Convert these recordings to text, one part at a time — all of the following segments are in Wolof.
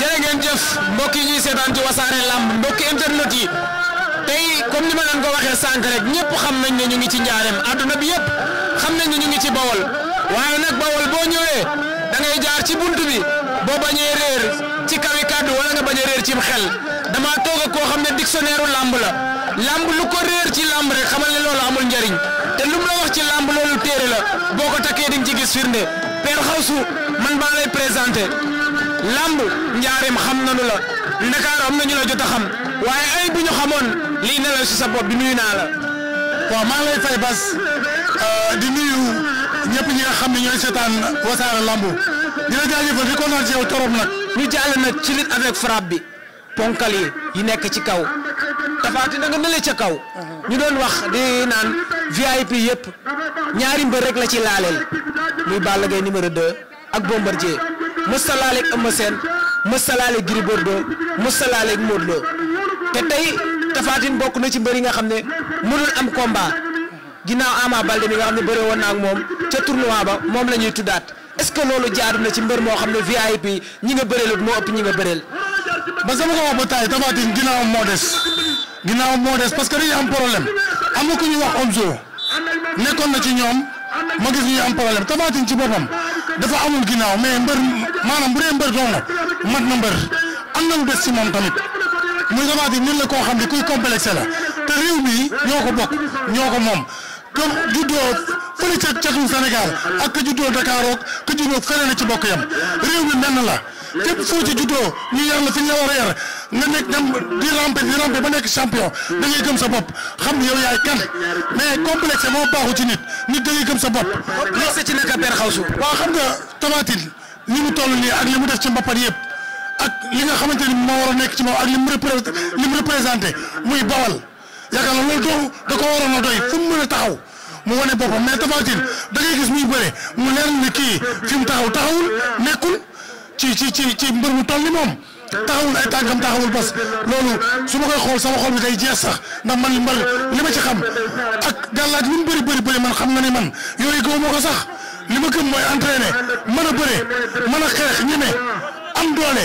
jërë ngeen jëf mbokk yi ñuy seetaan ci wasaare lamb mbokki internet yi tey comme ni ma leen ko waxee sànq rek ñëpp xam nañ ne ñu ngi ci njaareem adduna bi yëpp xam nañ ne ñu ngi ci bawol waaye nag bawol boo ñëwee da ngay jaar ci bunt bi boo bañee réer ci kawi kàddu wala nga bañ a réer cim xel dama toog ak koo xam ne dictionnaire u lamb la lamb lu ko réer ci lamb rek xamal ne loolu amul njariñ te lu mu la wax ci lamb loolu téere la boo ko takkee di nga ci gis firnde. Père Xawsu man maa lay présenté lamb njaareem xam nañu la Ndakaar am na ñu la jot a xam waaye ay bu ñu xamoon lii ne la si sa bopp bi nuyu naa la. waaw maa lay fay bas euh, di nuyu ñëpp ñi nga xam ne ñooy seetaan wasaare lamb di la jaajëfal di kontaan ci a torop nag. ci lutte avec frappe bi ponkal yi yi nekk ci kaw tafaati na nga nële ca kaw uh-huh. ñu doon wax di naan. VIP yëpp ñaari mbër rek la ci laaleel muy Balla Gaye numéro 2 ak Bombardier mësta laaleeg Eumeu Sène mësta laaleeg Gris Bordeaux mësta laaleeg Modou Lo te tey Tapha bokk na ci mbër yi nga xam ne mënul am combat ginnaaw Ama Baldé mi nga xam ne bëre woon na ak moom ca tournoi ba moom la ñuy tuddaat est-ce que loolu jaadu na ci mbër moo xam ne VIP ñi nga bëreelut moo ëpp ñi nga bëreel. ba sama ko wax ba taay Tapha moo des. ginnaaw moo des parce que dañuy am problème am na ku ñu wax nekkoon na ci ñoom ma gis ñu am problème Tapha ci boppam dafa amul ginnaaw mais mbër maanaam bu dee mbër doon na mat na mbër am na lu des ci moom tamit muy Tapha Tine nit koo xam ne kuy complexe la te réew mi ñoo ko bokk ñoo ko moom ko juddoo fële ca catu Sénégal ak ka juddoo Dakar ka juddoo feneen ci bokk yam réew mi benn la. képp foo ci juddoo yar la fi ñu la war yar nga nekk dem di rampe di rampe ba nekk champion da ngay gëm sa bopp xam yow yaay kan mais complexe moo baaxu ci nit nit da ngay gëm sa bopp. complexe ci naka Père Xawsu. waaw xam nga tamatin ni mu toll nii ak li mu def ci mbapat yëpp ak li nga xamante ni moo war nekk ci moom ak li mu représenté li mu représenté muy bawal yaakaar na loolu da ko waroon a doy fu mu mën a taxaw. mu wane boppam mais Tapha Tine da ngay gis muy bëre mu leer ni kii fi mu taxaw taxawul nekkul ci ci ci ci mbër mu toll ni moom taxawul ay tànkam taxawul bas loolu su ma koy xool sama xol bi day jeex sax ndax man li mbër li ma ci xam ak gàllaaj lu mu bëri bëri bëri man xam na ni man yooyu gaw moo a sax li ma gëm mooy entraîner mën a bëre mën a xeex ñeme am doole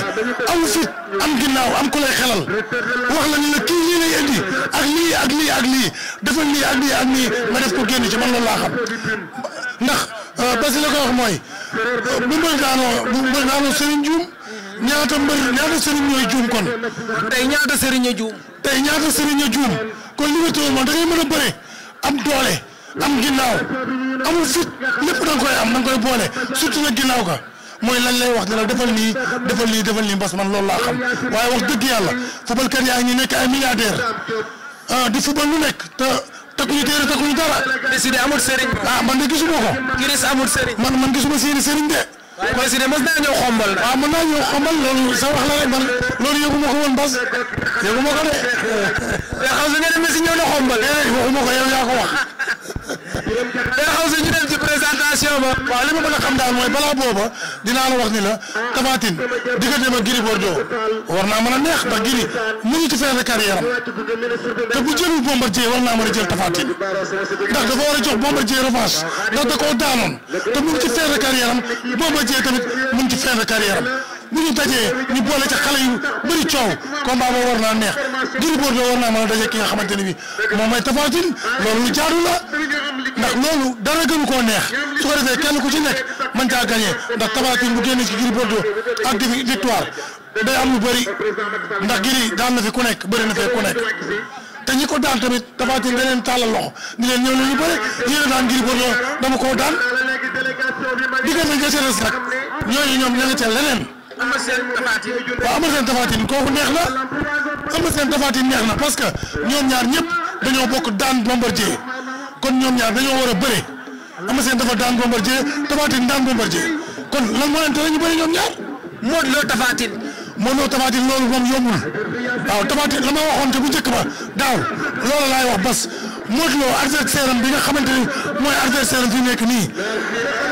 am fit am ginnaaw am ku lay xelal wax la ni la kii lii lay indi ak lii ak lii ak lii defal lii ak lii ak lii nga def ko génn ci man loolu laa xam ndax euh, la ko wax mooy bu mbër daanoo bu mbër daanoo sëriñ juum ñaata mbër ñaata sëriñ ñooy juum kon. tey ñaata sëriñ a juum. tey ñaata sëriñ a juum kon li nga tëral moom da ngay mën a bëre am doole am ginnaaw amul fit lépp da nga koy am da nga koy boole surtout nag ginnaaw ka mooy lañ lay wax la defal nii defal nii defal nii mbas man loolu laa xam waaye wax dëgg yàlla footballkat yaa ngi nekk ay milliardaire ah, di football lu nekk te. takkuñu téere takkuñu dara. décidé amul sëriñ. ah man de gisuma ko. kiris amul sëriñ. man man de. waaye kon si de mos naa ñëw xombal. loolu sa la rek loolu yëgu ma ko woon bas yëgu ma ko de. mais xam nga ne si ñëw na xombal. déedéet eh, waxuma ko ma waaw li ma mën a xam daal mooy balaa booba dinaa la wax ni la Tapha Tine diggante ba Gris Bordeaux war naa mën a neex ndax Gris mu ngi ci fin de carrière am te bu jëlul Bombardier war naa mën a jël Tapha Tine ndax dafa war a jox Bombardier revanche ndax da koo daanoon te mu ngi ci fin de carrière am Bombardier tamit mu ngi ci fin de carrière am bu ñu dajee ñu boole ca xale yu bëri coow combat ba war naa neex Gris Bordeaux war naa mën a daje ki nga xamante ne bi moom mooy Tapha Tine loolu lu jaadu la. loolu dara gënu koo neex su ko defee kenn ku ci nekk mën caa gagné ndax tabatin bu génn ci Gris Bordeaux ak victoire day am lu bëri ndax Gris daan na fi ku nekk bëri na fee ku nekk te ñi ko daan tamit tabatin da leen tàllal loxo leen ñëw lu bëri yéen a daan Gris Bordeaux dama koo daan diggante nga seeres nag ñooñu ñoom ña nga ca leneen ama ama seen tafatin kooku neex na ama seen tafatin neex na parce ñoom ñaar ñëpp dañoo bokk daan bombardier kon ñoom ñaar dañoo war a bëre Eumeu Sène dafa daan Bombardier Tapha Tine daan Bombardier kon lan moo leen tere ñu bëre ñoom ñaar. Modou Lo Tapha Tine. Modou Lo Tapha Tine loolu moom yombul waaw Tapha Tine la ma waxoon bu njëkk ba daaw loolu laay wax bas Modou Lo adversaire am bi nga xamante ni mooy adversaire am fi nekk nii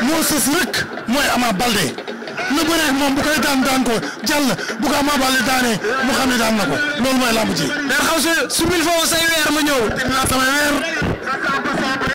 moo sës rek mooy Ama Baldé na bëreeg moom bu koy daan daan ko jàll bu ko Ama Baldé daanee mu xam ne daan na ko loolu mooy làmb ji. mais xaw si su mil foofu say weer ma ñëw. dinaa sama weer.